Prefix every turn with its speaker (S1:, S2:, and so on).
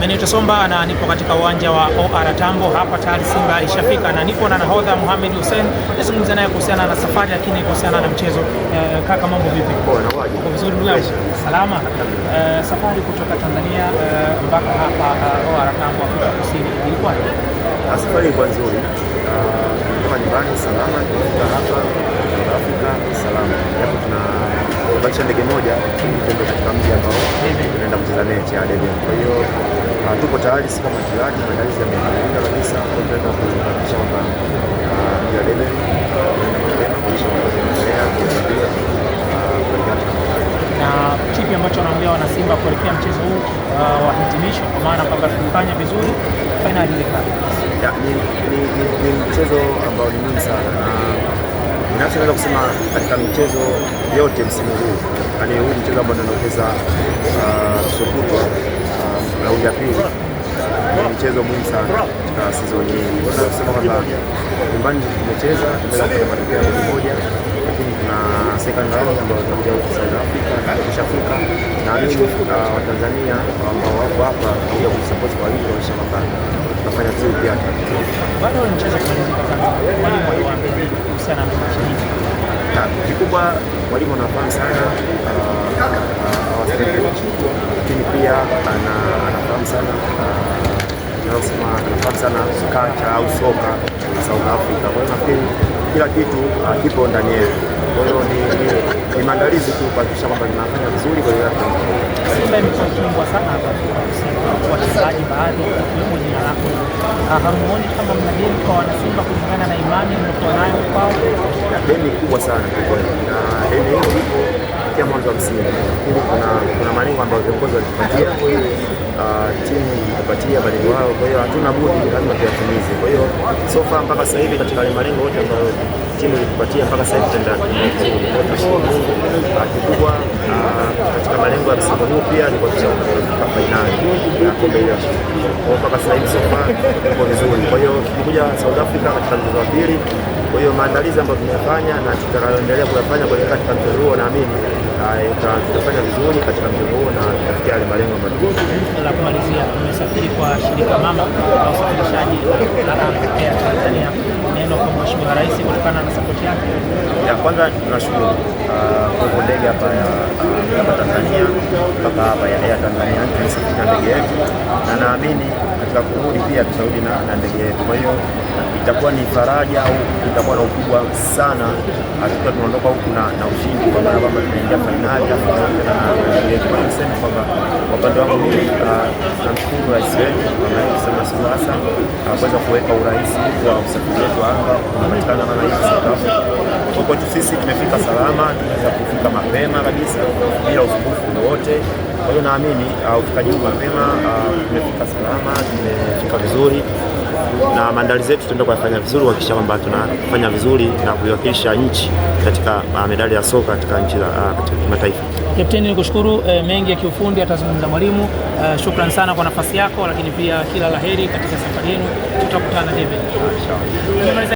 S1: Manager Somba na nipo katika uwanja wa OR Tambo hapa, tayari Simba ishafika na nipo na nahodha Mohamed Hussein. Nazungumza naye kuhusiana na safari, lakini kuhusiana na mchezo. eh, kaka, mambo vipi? Uko vizuri ndugu yangu? Salama. Eh, safari kutoka Tanzania eh, mpaka hapa uh, eh, OR Tambo Afrika Kusini ilikuwa
S2: ah, safari ilikuwa nzuri ah, kutoka nyumbani salama kufika hapa Afrika salama, hapo tuna bacha ndege moja tunaenda katika mji ambao tunaenda kucheza mechi ya Debian. kwa hiyo Ah, tuko tayari si kama jirani, maandalizi yamekamilika kabisa kwenda kuhakikisha kwamba
S1: na kipi ambacho wanaambia wanasimba kuelekea mchezo huu ah, wa hitimisho, kwa maana kwamba tukifanya vizuri fainali ile.
S2: Ni mchezo ambao ni muhimu sana na nachoweza kusema katika michezo yote msimu huu, yaani huu mchezo ambao tunaongeza ah, sokutwa raundi ya pili ni mchezo muhimu sana katika sizoni hii. Tunasema kwamba nyumbani tumecheza tumepata matokeo ya moja, lakini tuna second round ambayo tutakuja huko South Africa na kisha Afrika na mimi Watanzania ambao wako hapa kuja kusupport kwa hivyo kisha kwamba tutafanya vizuri pia. Bado mchezo na kikubwa mwalimu anafahamu sana uh, uh, uh, lakini pia ana uh, anafahamu sana nasema ah, anafahamu sana kacha au soka South Africa. Kwa hiyo nafikiri kila kitu ah, kipo ndani yetu, kwa hiyo ni maandalizi tu kuhakikisha kwamba tunafanya vizuri kwa hiyo
S1: Simba imekuwa kubwa sana hapa Afrika wachezaji baadhi wakiwemo jina lako, ah, hamuoni kama mna deni kwa wanasimba kulingana na imani mlikuwa nayo kwao?
S2: Deni kubwa sana kwa kweli, na deni hili kufikia mwanzo wa msimu. Ili kuna kuna malengo ambayo viongozi walitupatia, uh, ah, timu ikupatia malengo yao, kwa hiyo hatuna budi, lazima tuyatimize. Kwa hiyo so far mpaka sasa hivi katika wale malengo yote ambayo timu ilitupatia mpaka sasa hivi tenda kikubwa ah, katika malengo ya msimu huu pia ni kuhakikisha kufika fainali ya kombe la shirikisho. Mpaka sasa hivi so far tuko vizuri, kwa hiyo tukikuja South Africa katika mchezo wa pili kwa hiyo maandalizi ambayo tumeyafanya na tutakayoendelea kuyafanya kuelekea katika mchezo huo naamini itafanya vizuri katika mchezo huo na kufikia yale malengo ambayo.
S1: La kumalizia, umesafiri kwa shirika mama la usafirishaji la Air Tanzania, neno kwa Mheshimiwa Rais kutokana na support yake.
S2: Ya kwanza tunashukuru uh, kwa ndege hapa ya uh, hapa Tanzania mpaka hapa ya Air Tanzania tumesafiri na ndege yetu, na naamini katika kurudi pia tutarudi na ndege yetu, kwa hiyo itakuwa ni faraja au itakuwa na ukubwa sana hakika tunaondoka huku na ushindi, kwa maana kwamba tunaingia fainali. Niseme kwamba kwa upande wangu mimi ah, namshukuru rais wetu Mama yetu Samia Suluhu Hassan ah, kuweza kuweka urahisi wa usafiri wetu wa anga unapatikana maana hivi South Kwa kwetu sisi tumefika salama, tumeweza kufika mapema kabisa bila usumbufu wowote. Kwa hiyo naamini ah, ufikaji huu mapema, tumefika salama, tumefika vizuri na maandalizi yetu tutaenda kuyafanya vizuri kuhakikisha kwamba tunafanya vizuri na kuiwakilisha nchi katika uh, medali ya soka katika nchi uh, katika kimataifa.
S1: Kapteni, nikushukuru eh, mengi ya kiufundi atazungumza mwalimu eh, shukrani sana kwa nafasi yako, lakini pia kila laheri katika safari yenu, tutakutana hivi.